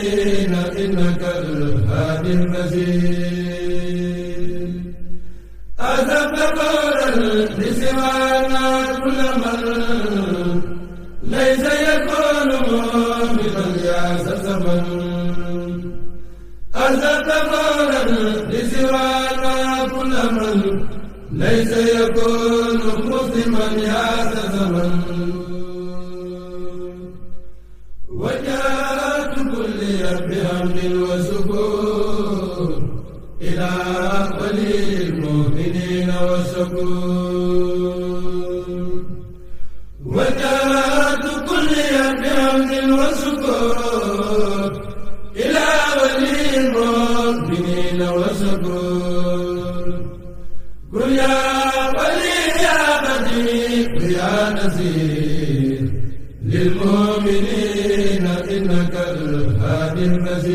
إنك الهادي المزيد أذهب قولا لسوانا كل من ليس يكون موقفا يا سلسبا أذهب قولا لسوانا كل من ليس يكون مسلما يا سلسبا حمد وشكور إلى ولي المؤمنين وشكور وترات كل يوم بحمد وشكور إلى ولي المؤمنين وشكور قل يا ولي يا بديع يا نزير للمؤمنين إنك الهادي المزيد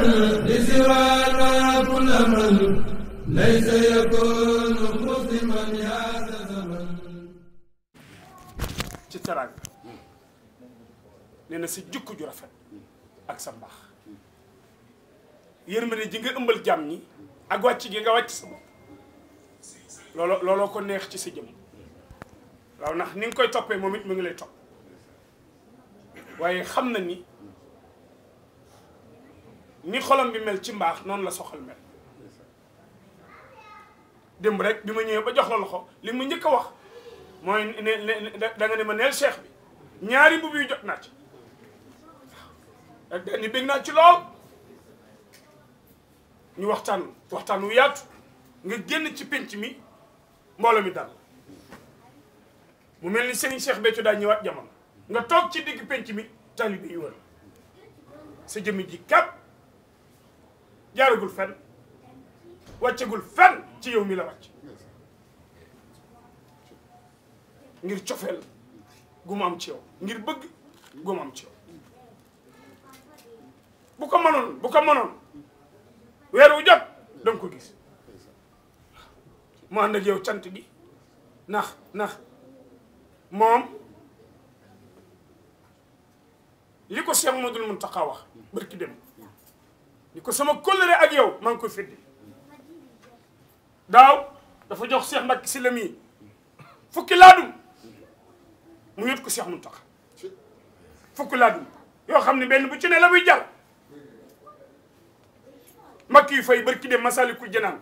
ci teraanga nee na sa jikko ju rafet ak sa mbaax yërmande ji nga ëmbal jàmm ñi ak wàcc gi nga wàcc sa bopp looloo looloo ko neex ci sa jëm waaw ndax ni nga koy toppee moom mu ngi lay topp waaye xam na ni ni xolam bi mel ci mbaax noonu la soxal mel démb rek bi ma ñëwee ba jox la loxo li mu njëkk a wax mooy ne da nga ne ma neel cheikh bi ñaari mbubb yu jot naa ci waaw naa ci lool ñu waxtaan waxtaan wu yaatu nga génn ci pénc mi mbooloo mi dal mu mel ni Serigne Cheikh daal daa ñëwaat jamono nga toog ci dégg pénc mi taalibe yi sa jëmmi ji kap jaaragul fenn wàccagul fenn ci yow mi la wàcc ngir cofeel gu am ci yow ngir bëgg gu am ci yow bu ko mënoon bu ko mënoon weer wu jot danga ko gis mu ànd ak yow cant gi ndax ndax moom li ko Cheikh Modou Mountakha wax barki dem ni ko sama kóllëre ak yow maa ngi koy fiddi daaw dafa jox Cheikh Mbacke Sylla mii fukki laadum mu yót ko Cheikh Mountakha fukki laadum yoo xam ne benn bu ci ne la muy jar Mbacke yu fay barki dem Masalikul Jinaan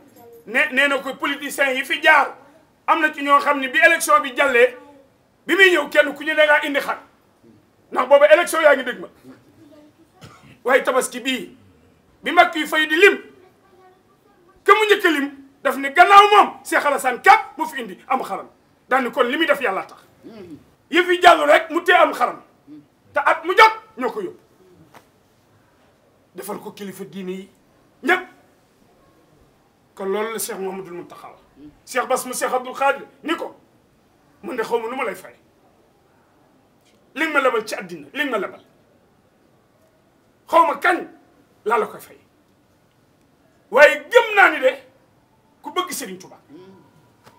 ne nee na ko politiciens yi fi jaar am na ci ñoo xam ne bi élection bi jàllee bi muy ñëw kenn ku ñu dangaa indi xar ndax boobu élection yaa ngi dëgg ma waaye tabaski bii bi mag yi fay di lim ke mu njëkk lim daf ni gannaaw moom Cheikh Alassane Ka bu fi indi am xaram daal ni kon li muy def yàlla tax yëf yi jàll rek mu tee am xaram te at mu jot ñoo ko yóbbu defal ko kilifa diine yi ñëpp kon loolu la Cheikh Mouhamadoul Mountakha wax Cheikh Bass mu Cheikh Abdoul Khadir ni ko mun de xaw ma lu ma lay fay li ma lebal ci àddina li nga ma lebal xaw ma kañ laa la koy fay waaye gëm naa ni de ku bëgg Serigne Touba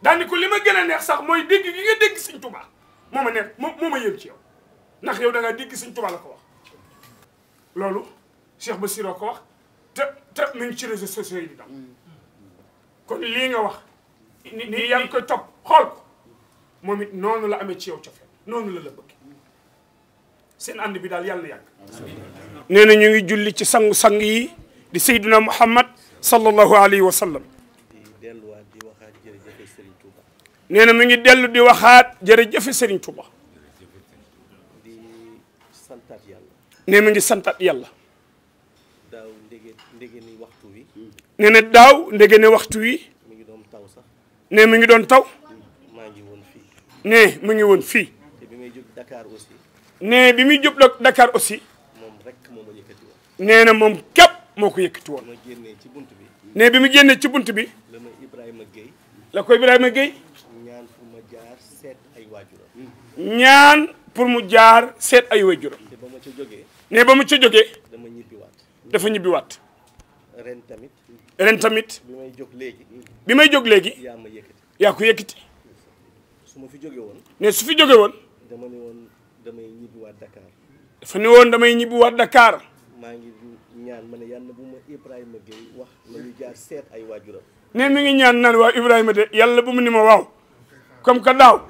daani ko li ma gën a neex sax mooy dégg gi nga dégg Serigne Touba moo ma neex moo ma yëm ci yow ndax yow da dégg Serigne Touba la ko wax loolu Cheikh Bassirou ko wax te te mu ngi ci réseaux sociaux yi di dem kon lii nga wax ni yaa ngi koy topp xool ko moom it noonu la amee ci yow cofee noonu la la bëgg seen ànd bi daal yàlla na nee na ñu ngi julli ci sangu-sang yi di sayduna muhammad sallallahu alayhi wa sallam nee na mu ngi dellu di waxaat jërëjëfe Serigne Touba nee mu ngi santaat yàlla daaw ndege ndege waxtu wi nee na daaw ndege ne waxtu wi mu ngi doon taw sax nee mu ngi doon taw maa ngi fii nee mu ngi woon fii te bi muy jóg Dakar aussi nee na moom képp moo ko yëkkati woon. ne bi mu génnee ci bunt bi. la ma Ibrahima Gueye. la ko Ibrahima Gueye. ñaan pour mu jaar seet ay waajuram. ñaan pour mu jaar seet ay waajuram. ne ba ma ca jógee. ne ba mu ca jógee. dama ñibbiwaat. dafa ñibbiwaat. ren tamit. ren tamit. bi may jóg léegi. bi may jóg léegi. yaa ma yëkkati. yaa ko yëkkati. ma fi jógee woon. ne su fi jógee woon. dama ne woon damay dafa ne woon damay ñibbiwaat Dakar. maa ngi ñaan ma ne yàlla bu ma Ibrahima wax nañu jaar seet ay waajuram. ne mi ngi ñaan naan waa Ibrahima de yàlla ba mu ni ma waaw comme que daaw.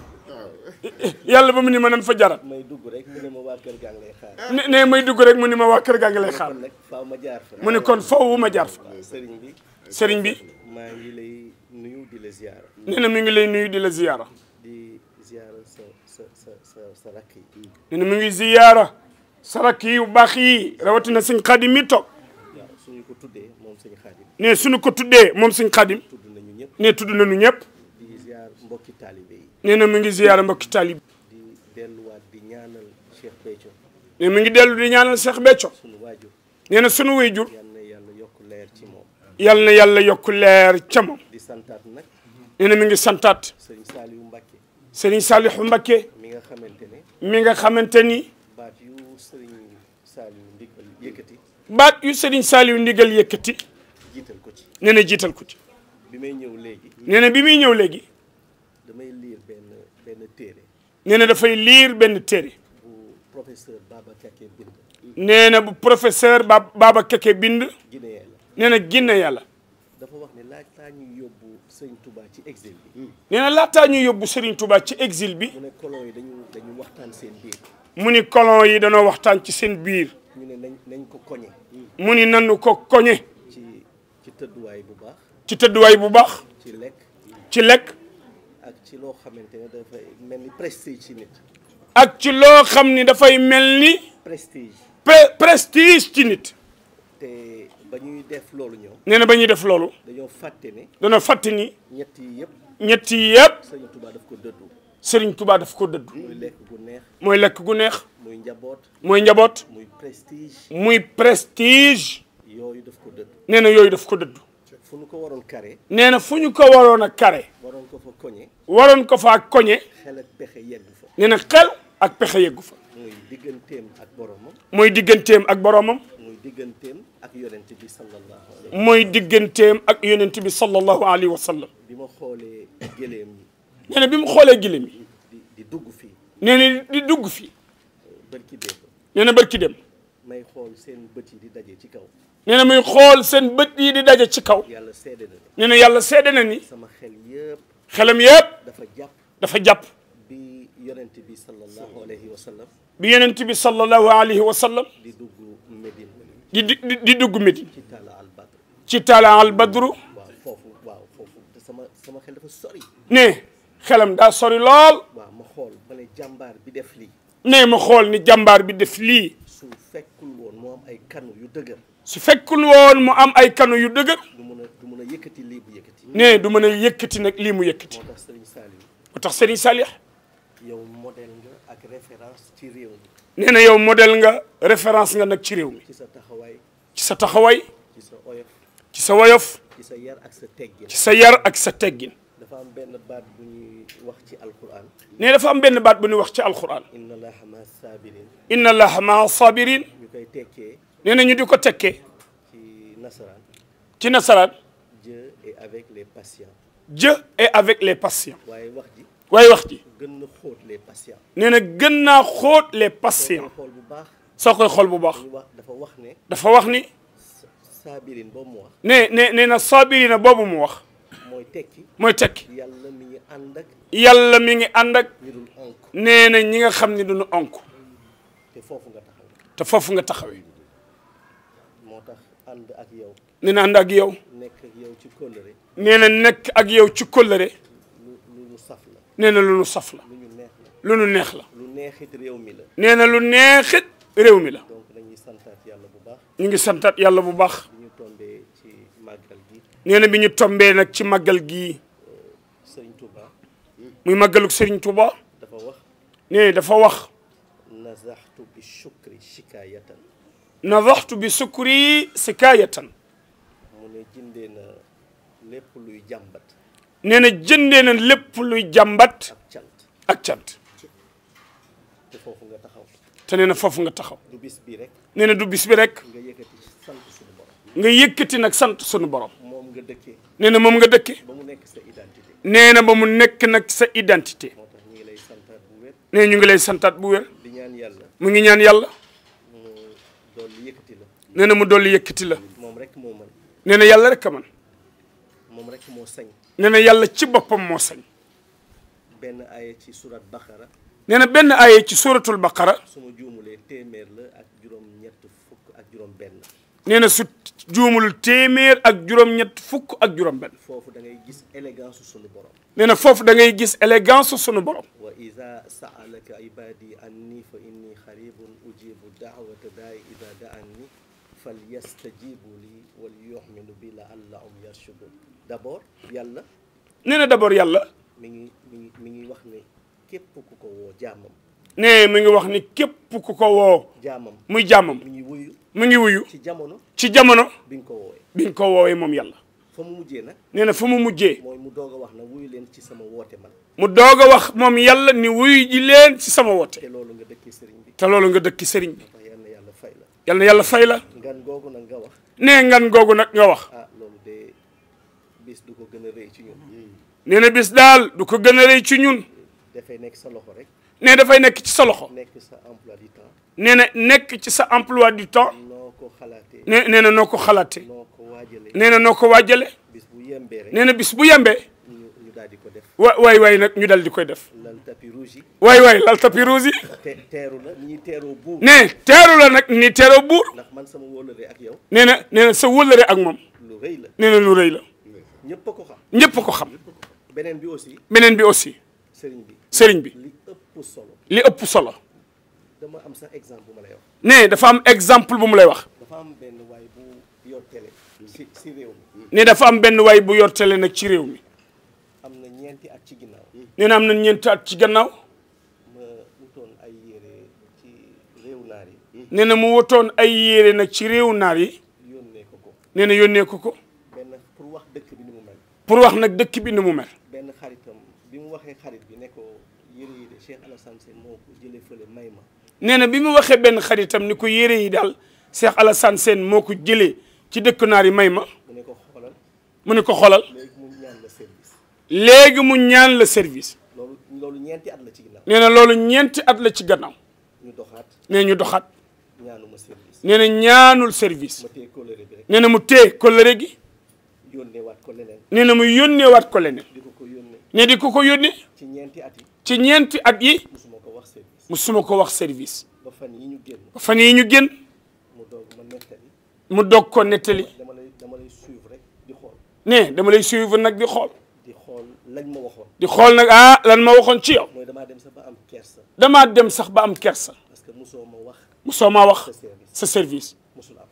yàlla ba mu ni ma nan fa jarat may dugg rek ne ma waa kër gaa ngi lay xaar. ne may dugg rek mu ni ma waa kër gaa ngi lay xaar. mu ne kon foofu ma jaar fa. sëriñ bi sëriñ bi. maa ngi lay nuyu di la ziyaara. nee na mi ngi lay nuyu di la ziyaara. di ziyaara sa sa sa ngi ziyaara. saraki yu baax yi rawatina sëñ xaadim mi toog suñu ko tuddee moom sëñ xaadim ne suñu ko tuddee moom sëñ xaadim tudd nañu ñëpp ne tudd nañu ñëpp di ziar mbokki taalibe na mu ngi ziar mbokki taalibe di delluwaat di ñaanal Cheikh Béthio ne mu ngi dellu di ñaanal Cheikh Béthio suñu waajur nee na suñu waajur yal na yàlla yokk leer ci moom yal yàlla yokk leer ca di santaat nag nee na mu ngi santaat sëriñ Saliou Mbacké sëriñ Saliou Mbacké mi nga xamante mi nga xamante ni yëkkati baat yu Serigne Saliou ndigal yëkkati jiital ko ci nee jiital ko ci bi may ñëw léegi nee bi muy ñëw léegi damay liir benn benn téere nee na dafay liir benn téere bu professeur Baba Kake bind nee na bu professeur ba Baba Kake bind Guinée la nee na Guinée yàlla dafa wax ne laataa ñuy yóbbu Serigne Touba ci exil bi hmm. laataa ñuy yóbbu Serigne Touba ci exil bi mu ne yi dañu dañu waxtaan seen biir mu ni colon yi dañoo waxtaan ci seen biir ñu nañ ko koñe. mu ni nanu ko koñe. ci ci tëdduwaay bu baax. ci tëdduwaay bu baax. ci lekk. ci lekk. ak ci loo xamante ne dafay mel ni prestige ci nit. ak ci loo xam ni dafay mel ni. prestige prestige ci nit. te ba ñuy def loolu ñoom. nee na ba def loolu. dañoo fàtte ni. dañoo fàtte ni. ñett yi yëpp. ñett yi yëpp. ko dëddu. Serigne Touba daf mooy lekk gu neex. njaboot. muy njaboot. muy prestige. muy prestige. yooyu daf ko dëdd. nee na yooyu daf ko dëdd. fu ñu ko waroon kare. nee na fu ñu ko waroon a kare. waroon ko fa koñe. waroon ko faa koñe. xel pexe yeggu fa. nee na xel ak pexe yeggu fa. muy digganteem ak boromam. mooy digganteem ak boromam. mooy digganteem ak yonent bi sallallahu alayhi wa sallam. digganteem ak yonent bi sallallahu alayhi wa sallam. bi ma xoolee gëléem yi. nee na di dugg fii. bërki démb nee na bërki démb may xool seen bët yi di daje ci kaw nee na muy xool seen bët yi di daje ci kaw yàlla seede na nee na yàlla seede na ni sama xel yëpp xelam yëpp dafa jàpp dafa jàpp bi yonent bi sallallahu alayhi wa sallam bi yonent bi sallallahu alayhi di dugg Medine di di dugg Medine ci taala al badru ci taala al badru waaw foofu sama sama xel dafa xelam daa sori lool waaw xool jàmbaar bi def ne ma xool ni jàmbaar bi def lii. su fekkul woon mu am ay kanu yu dëgër. su fekkul mu am ay kanu yu dëgër. du mën a mën a yëkkati lii mu yëkkati. ne du mën a yëkkati nag lii mu yëkkati. moo tax Serigne Saliou. moo tax Serigne Saliou. yow modèle nga ak référence ci réew mi. nee na yow model nga référence nga nag ci réew mi. ci sa taxawaay. ci sa taxawaay. ci sa oyof. sa woyof. ci sa yar ak sa teggin. ci sa yar ak sa teggin. dafa am benn baat bu ñuy wax ci alquran. ne dafa am benn baat bu ñuy wax ci alquran. inna allaha maa sabirin. inna allaha maa sabirin. ñu koy tekkee. nee na ñu di ko tekkee. ci nasaraan. ci nasaraan. Dieu est avec les patients. Dieu est avec les patients. waaye waaye wax ji. gën na xóot les patients. nee na gën naa xóot les soo koy xool bu baax. soo koy xool bu baax. dafa wax ne. dafa wax ni. sabirin boobu mu wax. nee nee nee na sabirina boobu mu wax. mooy tekki mooy tekki yàlla mi ngi ànd ak yàlla mi ngi ànd ak ñu nee na ñi nga xam ni duñu onk te foofu nga taxaw te foofu nga taxawee moo tax ànd ak yow nee ànd ak yow nekk ak yow ci kóllëre nee na nekk ak yow ci kóllëre lu lu saf la nee lu nu neex la lu neexit mi la nee na lu neexit réew mi la donc dañuy ngi santaat yàlla bu baax nee bi ñu tombee nag ci màggal gi sëriñ tuba muy màggaluk sëriñ Touba dafa wax dafa wax nazaxtu bi sukri sikaayatan nazaxtu bi sukri sikaayatan mu ne jëndee na lépp luy jàmbat nee na jëndee na lépp luy jàmbat ak cant cant te foofu nga taxaw te nee na foofu nga taxaw du bis bi rek nee na du bi rek nga yëkkati sant nag sant sunu borom nga dëkkee. nee moom nga dëkke ba mu nekk sa nee na ba mu nekk nag sa identité. nee ñu ngi lay santaat bu wér. di ñaan yàlla. mu ngi ñaan yàlla. nee na mu dolli yëkkati la. moom rek moo mën. nee na yàlla rek a mën. moom rek moo sañ. nee na yàlla ci boppam moo sañ. benn aaya ci surat Baqara. nee na benn aaya ci suuratul Baqara. su ma juumulee téeméer la ak juróom-ñett juumul téeméer ak juróom-ñett fukk ak juróom-benn. foofu da ngay gis élégance su sunu borom. nee na foofu da ngay gis élégance su sunu borom. wa iza sa'alaka ibadi anni fa inni xaribun ujibu da'wata da'i iza da'ani falyastajibu li wal yu'minu bi la'allahum yarshudun d'abord yàlla. nee na d'abord yàlla. mi ngi mi ngi mi ngi wax ne képp ku ko woo jaamam. nee mi ngi wax ni képp ku ko woo. jaamam muy jaamam. mu ngi wuyu mu ngi ci jamono ci jamono. bi nga ko woowee bi ko woowee moom yàlla. fa mu mujjee nag. nee na fa mu mujjee. mooy mu doog a wax na wuyu leen ci sama woote man. mu doog a wax moom yàlla ni wuyu ji leen ci sama woote. te loolu nga dëkki sëriñ bi. te loolu nga dëkki sëriñ bi. yal na yàlla fay la. yal yàlla fay la. ngan googu nag wax. nee ngan googu nag nga wax. ah loolu de bis du ko gën a rëy ci nee na bis daal du ko gën a rëy ci ñun. dafay nekk sa loxo rek. ne dafay nekk ci sa loxo nee na nekk ci sa emploi du temps nee nee na noo ko xalaatee nee na noo ko waajale nee na bis bu yembee wa waay waay nag ñu dal di koy def waay waay lal tapis rouge yi nee teeru la nag ni teeroo buur nee na nee na sa wëllëre ak moom nee na lu rëy la ñëpp ko xam beneen bi aussi beneen bi aussi sëriñ bi sëriñ bi li ëpp solo. dama am sax exemple bu ma lay nee dafa am exemple bu mu lay wax. dafa am benn waay bu yor télé ci réew mi. Hmm. dafa am benn waay bu yor télé nag ci réew mi. am na ñeenti at ci ginnaaw. Hmm. nee am na ñeenti at ci gannaaw. ma ay yére ci réew hmm. nee na mu wutoon ay yére nag ci réew naar yi. yónnee ko ko. na yónnee ko ko. pour wax dëkk mu pour wax nag dëkk bi ni mu mel. benn xaritam bi mu waxee xarit. Cheikh Alassane moo ko jëlee fële may ma. nee na bi mu waxee benn xaritam ni ko yére yi daal Cheikh Alassane Sène moo ko jëlee ci dëkk naar yi may ma. mu ne ko mu ne ko xoolal. léegi mu la service. léegi mu ñaan la service. loolu loolu ñeenti at la ci gannaaw. nee na loolu ñeenti at la ci gannaaw. ñu doxaat nee ñu doxaat. ñaanuma service. nee na ñaanul service. ma téye kóllëre gi rek nee na mu téye kóllëre gi. yónneewaat ko leneen. nee ko leneen. ne di ko ko yónnee. ci ñeenti at yi. ci ñeenti at yi suma ko wax service ba fan yi ñu génn ba fan yi ñu génn mu dog ko nettali nee dama lay suivre nag di xool di xool lañ ma waxoon di xool nag ah lan ma waxoon ci yow damaa dem sax ba am kersa damaa dem sax ba am kersa parce que musoo ma wax musoo ma wax sa service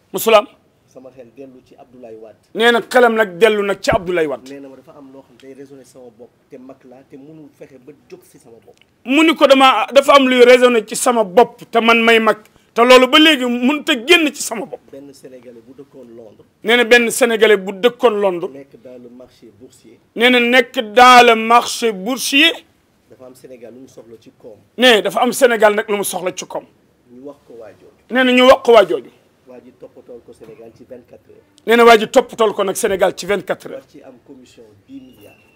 musul am sama xel dellu ci Abdoulaye Wade. nee na xelam nag dellu nag ci Abdoulaye Wade. nee na ma dafa am loo xam ne day résonné sama bopp te mag laa te mënul fexe ba jóg si sama bopp. mu ni ko damaa dafa am luy résonné ci sama bopp te man may mag te loolu ba léegi mun a génn ci sama bopp. benn sénégalais bu dëkkoon Londres. nee na benn sénégalais bu dëkkoon Londres. nekk dans le marché boursier. nee na nekk dans le marché boursier. dafa am Sénégal lu mu soxla ci koom. nee dafa am Sénégal nag lu mu soxla ci koom. ñu wax ko waa jooju. na ñu wax ko waa waa ji toppatool ko Sénégal ci 24 heures. nee na waa ji toppatool ko nag Sénégal ci 24 heures.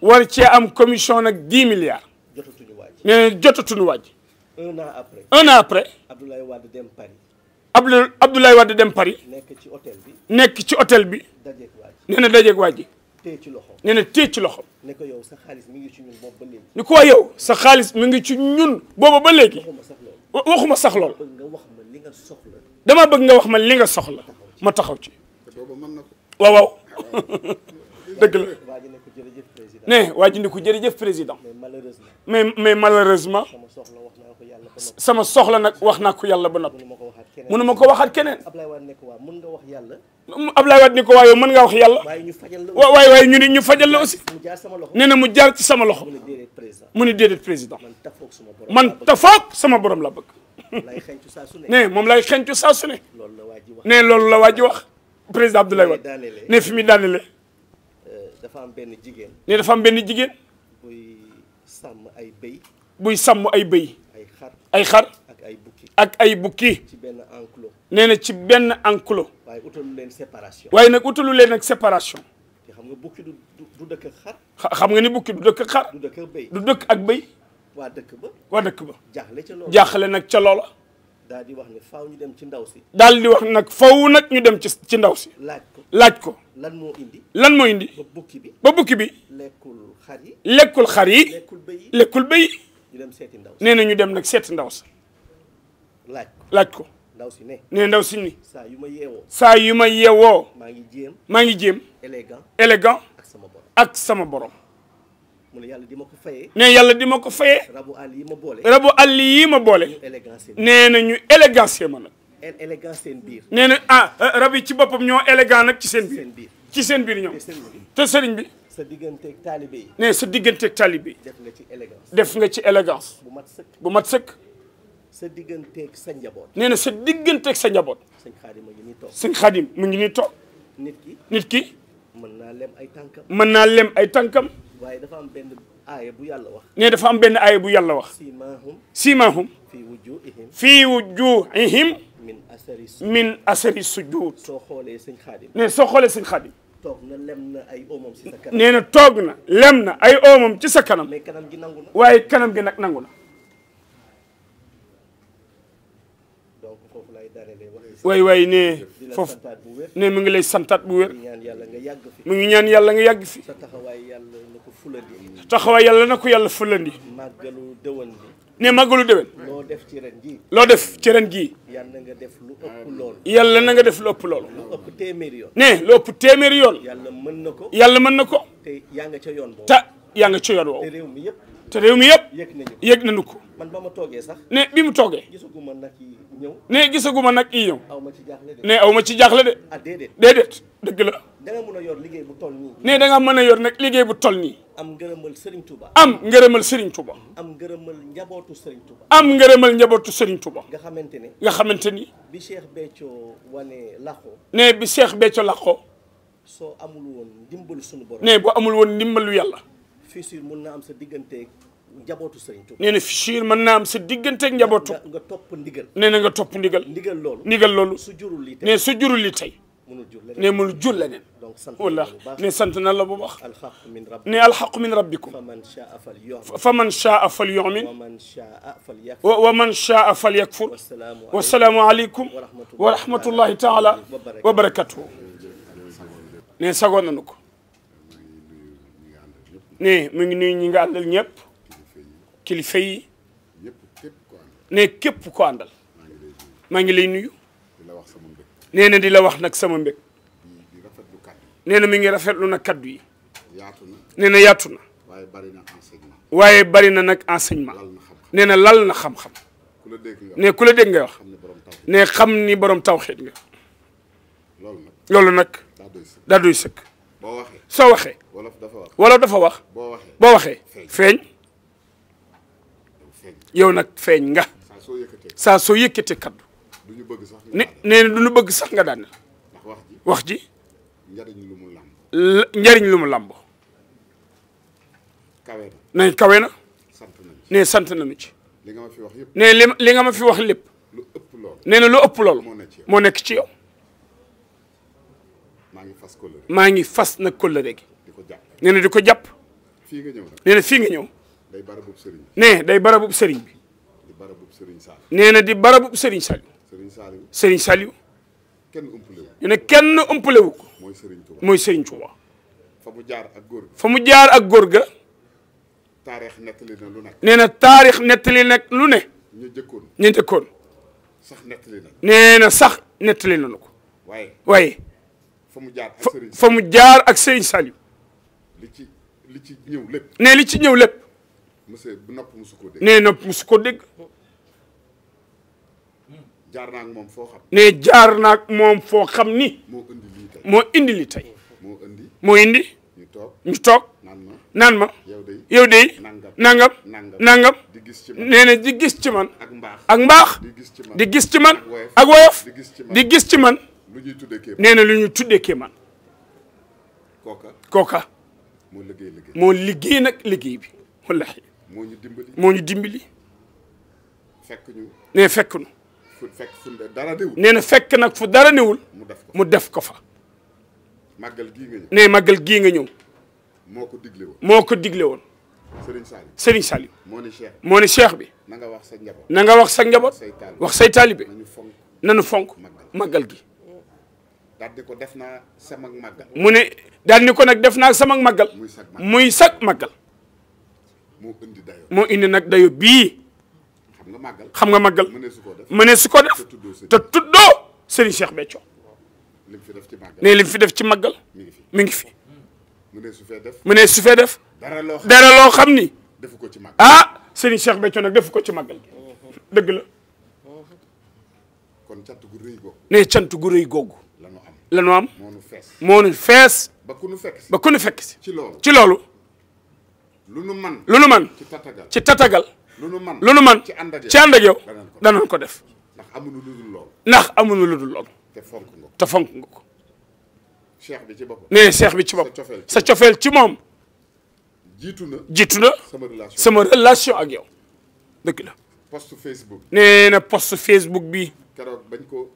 war war cee am commission nag 10 milliards. jotatuñu waa ji nee na jotatuñu waa ji. un an après. un an après. Abdoulaye Wade dem Paris. dem Paris. nekk ci hôtel bi. nekk ci hôtel bi. dajeeg waa ji nee na dajeeg waa ci loxo nee na téye ci loxo. ne yow sa xaalis mi ngi ci ñun ni ko yow sa xaalis mi ngi ci ñun boobu ba léegi. waxuma sax lool dama bëgg nga wax ma li nga soxla ma taxaw ci waaw waaw dëgg la ne waa ji ne ko jërëjëf président mais mais malheureusement sama soxla nag wax na ko yàlla ba noppi mënu ma ko waxaat keneen Ablaye Wade ni ko wax yàlla waaw waaye waaye ñu ni ñu fajal la aussi nee na mu jaar ci sama loxo mu ni déedéet président man tafoog sama borom la bëgg ne moom lay xencu saa su ne ne loolu la waa ji wax président Abdoulaye Wade ne fi mu daanele euh, dafa am benn jigéen ne dafa am benn jigéen buy sàmm ay bëy buy sàmm ay bëy ay xar ay xar ak ay bukki ak ay bukki ci benn enclos nee na ci benn enclos waaye utalu leen séparation waaye nag utalu leen ak séparation te xam nga bukki du xam nga ni bukki du dëkk ak xar du ak bëy du dëkk ak bëy waa dëkk ba waa dëkk ba. jaaxle ca loola jaaxle nag ca loola. daal di wax ne faaw ñu dem ci ndaw si. daal di wax nag faw nag ñu dem ci ci ndaw si. laaj ko laaj ko. lan moo indi. lan moo indi. ba bukki bi ba bi. lekkul xar yi. lekkul xar yi. lekkul béy lekkul béy yi. dem seeti ndaw nee na ñu dem nag seeti ndaw si. laaj ko laaj ko. ndaw si ne nee ndaw si ni. saa yu ma yeewoo. saa yu ma yeewoo. maa ngi jéem maa ngi jéem. élégant élégant. sama borom ak sama borom. mu ne yàlla di ma ko fayee. ne yàlla di ma ko fayee. rabu àll yi ma boole. rabu àll yi ma boole. nee na ñu élégance ma nag. élégance seen biir. nee na ah eh, rab yi ci boppam ñoo élégant nag ci seen biir. ci seen biir ñoom. te sëriñ bi. sa digganteeg taalibe yi. nee sa digganteeg taalibe yi. def nga ci élégance. def nga ci élégance. bu mat sëkk bu mat sëkk. sa digganteeg sa njaboot. nee na sa digganteeg sa njaboot. sëñ xaadim mu ngi nii toog. sëñ xaadim mu ngi nii toog. nit ki nit ki. mën naa lem ay tànkam. mën naa lem ay tànkam. waaye dafa am benn bu yàlla wax. ne dafa am benn aaya bu yàlla wax. siimaahum siimaahum. fii wujuuhihim fii wujuuhihim. min asari sujud min asari sujud. soo xoolee sëñ xaadim. ne soo xoolee sëñ xaadim. toog na lem na ay oomam ci sa kanam. nee na toog na lem na ay ci sa kanam. mais kanam gi nangu na. waaye kanam gi nag nangu na. donc foofu lay daaneel wax. waay waay ne foofu ne mu ngi lay santaat bu wér. mu ngi ñaan yàlla nga yàgg fi. mu ngi ñaan yàlla yàgg fi. sa taxawaay fulandi taxawaay yàlla na ko yàlla fulandi màggalu déwén bi ne màggalu déwén loo def ci ren jii loo def ci ren jii yàlla na nga def lu ëpp loolu yàlla na nga def lu ëpp loolu lu ëpp téeméeri yoon ne lu ëpp téeméeri yoon yàlla mën na ko yàlla mën na ko te yaa nga ca yoon boobu te yaa nga ca yoon boobu te réew mi yëpp te réew mi yëpp yëg nañu ko man ba ma toogee sax ne bi mu toogee gisaguma nag yi ñëw ne gisaguma nag yi ñëw ne aw ma ci jaaxle de ah déedéet déedéet dëgg la da nga mën a yor liggéey bu toll nii ne da nga mën a yor nag liggéey bu toll nii am ngërëmal Serigne Touba am ngërëmal Serigne Touba am ngërëmal njabootu Serigne Touba am ngërëmal njabootu Serigne Touba nga xamante ne nga xamante ni bi Cheikh Béthio wane laqo ne bi Cheikh Béthio laqo soo amul woon ndimbalu suñu borom ne bu amul woon ndimbalu yàlla fissure mën na am sa digganteeg njabootu Serigne Touba. nee na fissure mën na am sa digganteeg njabootu. nga topp ndigal. nee na nga topp ndigal. ndigal loolu. ndigal loolu su jurul li tey nee su jurul li tey. munul jur leneen nee munul jur leneen. donc sant oh na ne sant na la bu baax. alxaqu min rabbikum ne alxaqu min rabbikum. fa man shaa fal yu'min. fa man shaa fal yu'min. wa man shaa fal yakfur. wa man shaa fal yakfur. wa salaamu aleykum wa rahmatullahi taala wa barakatuhu. nee sagoon nañu ko. ne mu ngi nuyu ñi nga àndal ñëpp kilifa yi ne képp ko àndal maa ngi lay nuyu nee na di la wax nag sama mbég nee na mi ngi rafetlu nag kaddu yi nee na yaatu na waaye bari na nag enseignement nee na lal na xam-xam ne ku la dégg nga wax ne xam ni borom tawxiit nga loolu nag daa doy sëkk soo waxee wolof dafa wax dafa wax. boo waxee boo waxee feeñ. yow nag feeñ nga. saa soo yëkkatee kaddu. ne nee na du ñu bëgg sax nga daan wax ji. njariñ lu mu làmb. njariñ lu mu làmb. kawe na nañ kawe na. sant nañu ci nee sant nañu ci. li nga ma fi wax yëpp nee li nga ma fi wax lépp. lu ëpp loolu nee na lu ëpp loolu. moo nekk ci yow. maa ngi fas kóllëre maa ngi fas nag kóllëre gi. nee na di ko jàpp. fii nga ñëw nee fii nga ñëw. day barabub sëriñ. nee day barabub sëriñ bi. di sëriñ Saliou. nee na di barabub sëriñ Saliou. sëriñ Saliou sëriñ Saliou. kenn ëmpalewu kenn ëmpalewu ko. mooy sëriñ Touba mooy sëriñ Touba. fa mu jaar ak góor ga. fa mu jaar ak góor ga. taarix nettali na lu ne. nag lu ne. ñu jëkkoon ñu jëkkoon. sax nettali na. nee na sax nañu ko. waaye waaye. fa mu jaar ak sëriñ fa mu jaar ak sëriñ Saliou. li ci li ci ñëw lépp. ne li ci ñëw lépp. monsieur nopp musu ko dégg. ne nopp musu ko dégg. moom foo xam. ne jaar naa moom foo xam ni. moo indi lii moo indi lii indi. moo indi. ñu toog ñu toog. naan ma naan ma. yow de yow de nangam nangam. nangam di gis ci na di gis ci man. ak mbaax mbaax. di gis ci man ci man. ak woyof di gis ci man di gis ci man. lu ñuy tuddee kéemaan nee na lu ñuy tuddee kéemaan. kooka kooka. moo liggéey liggéey moo liggéey nag liggéey bi wallaahi. moo ñu dimbali moo ñu dimbali. fekk ñu nee fekk nu. fu nee na fekk nag fu dara newul. mu def ko mu def ko fa. màggal gii nga màggal gii nga ñëw. moo ko digle woon moo ko digle woon. Serigne Saliou Serigne moo ni cheikh moo ni cheikh bi. na nga wax sa njaboot na nga wax sa njaboot. wax say taalibe wax say taalibe. nañu fonk nañu màggal gi. daal ko def naa sama màggal. mu ne daal di ko nag def naa sama màggal. muy sag màggal muy sag màggal. moo indi dayo moo indi nag dayo bii. xam nga màggal xam nga màggal. mënee su ko def ta tuddoo Serigne Cheikh Béthio. li mu fi def ci màggal ne li fi def ci màggal mi ngi fi. mënee su fee def mënee su fee def. dara loo xam loo xam ni. defu ko ci màggal ah Serigne Cheikh nag defu ko ci màggal dëgg la. kon cant gu rëy googu. ne cant googu. lanu am moo nu fees ba ku nu fekk si ci loolu lu nu man lu nu man ci tatagal lu nu man ci ànd ak yow danañ ko def ndax amuñu lu dul ndax amuñu lu dul loolu te fonk nga ko cheikh bi ci boppam nee bi ci boppam sa cofeel ci moom jiitu na jiitu na sama relation ak yow dëgg la post Facebook nee na post Facebook bi keroog bañ ko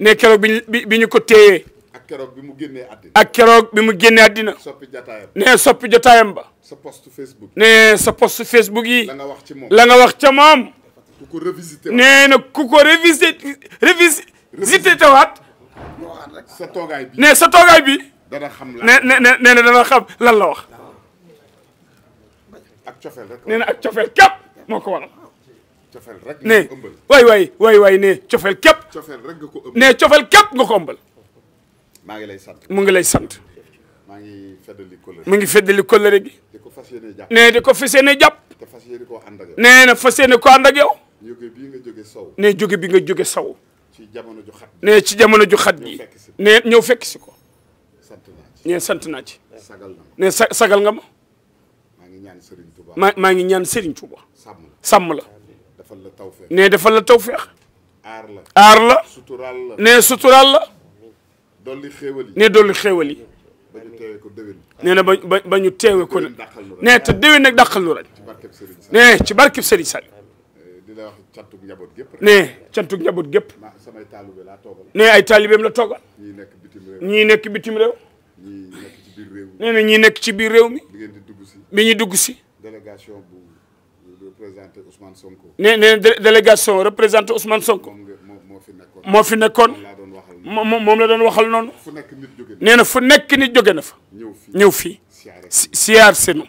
ne keroog bi bi ñu ko téyee. ak keroog bi mu génnee àddina. ak keroog bi mu génnee àddina. soppi jotaayam ne soppi jotaayam ba. sa post Facebook. ne sa post Facebook yi. la nga wax ci moom la nga wax ca moom. ku ko revisité nee na ku ko revisité revisité tawaat. sa toogaay bi ne sa toogaay bi. dana xam la ne ne nee na dana xam lan la wax. ak cofeel rek nee na ak cofeel képp moo ko waral. cofeel rek ne waay waay waay waay ne cofeel képp. cofeel rek nga ko ëmbal ne cofeel képp nga ko ëmbal. maa ngi lay sant mu ngi lay sant. maa ngi feddali kóllëre mu ngi feddali kóllëre gi. di ko fas yéene jàpp ne di ko fas yéene jàpp. te fas koo ànd nee na fas yéene koo ànd ak yow. jóge bi nga jóge saw. ne jóge bi nga jóge saw. ci jamono ju xat. ci jamono ju xat ji. ne ñëw fekk si ko. sant naa sant naa ci. sagal sagal nga ma. maa ngi ñaan Serigne Touba maa ngi ñaan Serigne Touba. sàmm sàmm la. defal la tawfeex nee defal la tawfeex aar la aar la suturaal la nee suturaal la dolli xéewal yi nee dolli xéewal yi nee na ba ba ba ñu teewe ko ne nee te déwén nag dàqal lu raj nee ci barkeb Serigne Saliou nee eh, cantug njaboot gépp nee cantug njaboot gépp nee ay taalibeem la toogal ñii nekk bitim réew nee na ñii nekk ci biir réew mi bi ñuy dugg si délégation bu représenté Ousmane Sonko. nee na délégation représenté Ousmane Sonko. moo fi nekkoon moo fi nekkoon. moom moom la doon waxal noonu. fu nekk nit jóge nee na fu nekk nit jóge na fa. ñëw fii ñëw fii. siyaar senu.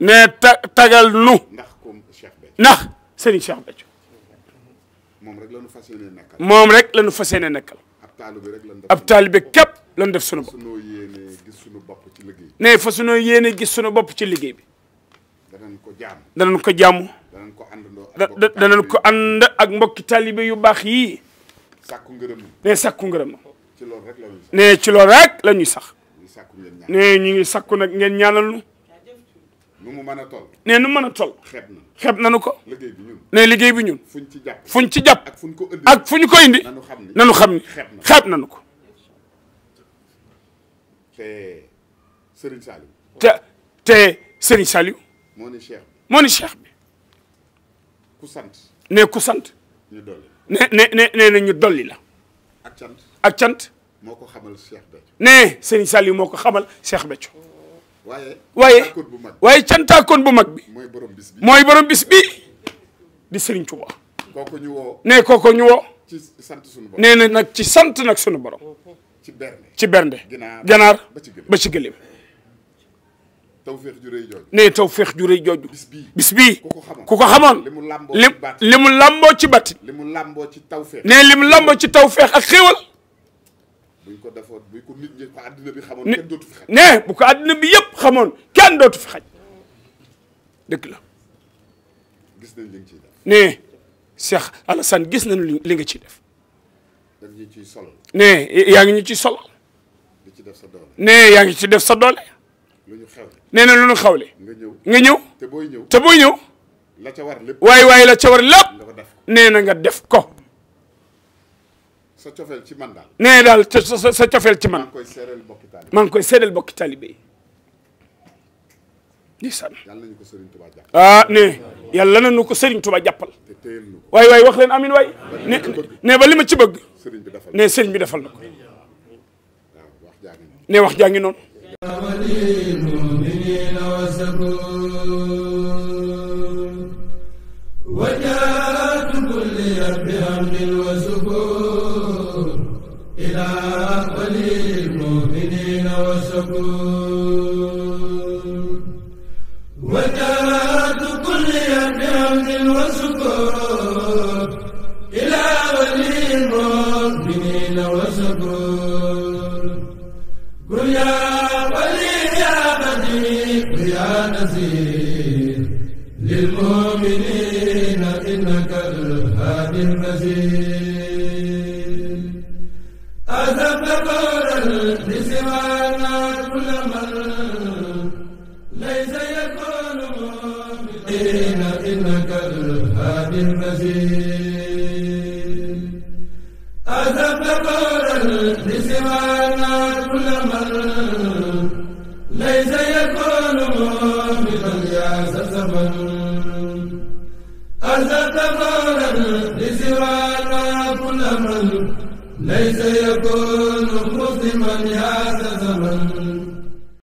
nee ta tagal nu. ndax comme Cheikh Béthio. ndax Serigne Cheikh Béthio. moom rek la ñu fas yéene nekkal. moom rek la ñu fas yéene nekkal. ab taalibe képp lan def sunu bopp. ne fa sunoo yéene gis sunu bopp ci liggéey bi. ko jaam danañ ko jaamu danañ ko àndandoo danañ ko ànd ak mbokki taalibe yu baax yii sàkku ngërëm ne sàkku ngërëm ci loolu rek la ñuy sax ne ci loolu rek la ñuy sax ne ñu ngi sàkku nag ngeen ñaanal nu mu mën a tol ne nu mën a tol xeeb na xeeb nanu ko liggéey ne liggéey bi ñun fuñ ci jàpp fuñ ci jàpp ak fuñ ko indi ak fuñ ko indi nanu xam ni xeeb nanu ko te Serigne Saliou te te Serigne moo ni cheikh bi moo cheikh bi. ku sant. ne sant. ñu dolli ne ne ne ñu dolli la. ak cant ak cant. moo ko xamal Cheikh Béthio. ne Serigne Saliou moo ko xamal Cheikh Béthio. waaye. waaye waaye cantaakoon bu mag bi. mooy borom bis bi mooy borom bis bi di Serigne Touba. kooku ñu woo. ne kooku ñu woo. ci sant sunu borom nee na nag ci sant nag sunu borom. ci bernde ci bernde. ganaar ba ci gëléem ba ci gëléem. tawféex ju rëy jooju nee tawféex ju rëy jooju bis bii ku ko xamoon li mu làmboo ci bàtt li mu ci tawféex nee li mu làmboo ci tawféex ak xéewal buñ ko defoon buñ ko nit ñi ko àddina bi xamoon kenn dootu fi xaj nee bu ko àddina bi yëpp xamoon kenn dootu fi xaj dëgg la gis nañ li nga ciy gis nañ li nga ci def nee yaa ngi ñu ciy solo nee yaa ngi ci def sa doole nee na lu nu xawle. nga ñëw nga ñëw. te booy ñëw te booy ñëw. la ca war lépp waaye waaye la ca war lépp. nee na nga def ko. sa cofeel ci man daal. nee daal sa sa cofeel ci maa ngi koy seedeel bokki taalibe maa ngi koy seedeel bokki taalibe yi. ndeysaan. yàlla nañu ko Serigne Touba jàppal. ah nee yàlla ko Serigne Touba jàppal. te téyel ñu wax leen amin waay. ne ne ba li ma ci bëgg. Serigne bi defal ne Serigne bi defal na ko. ne wax jaa ngi noonu. وللمؤمنين والزبور وجاءت كل بحمد وسكور إلى وللمؤمنين والزبور وجاءت كل بحمد وسكور إلى وللمؤمنين والزبور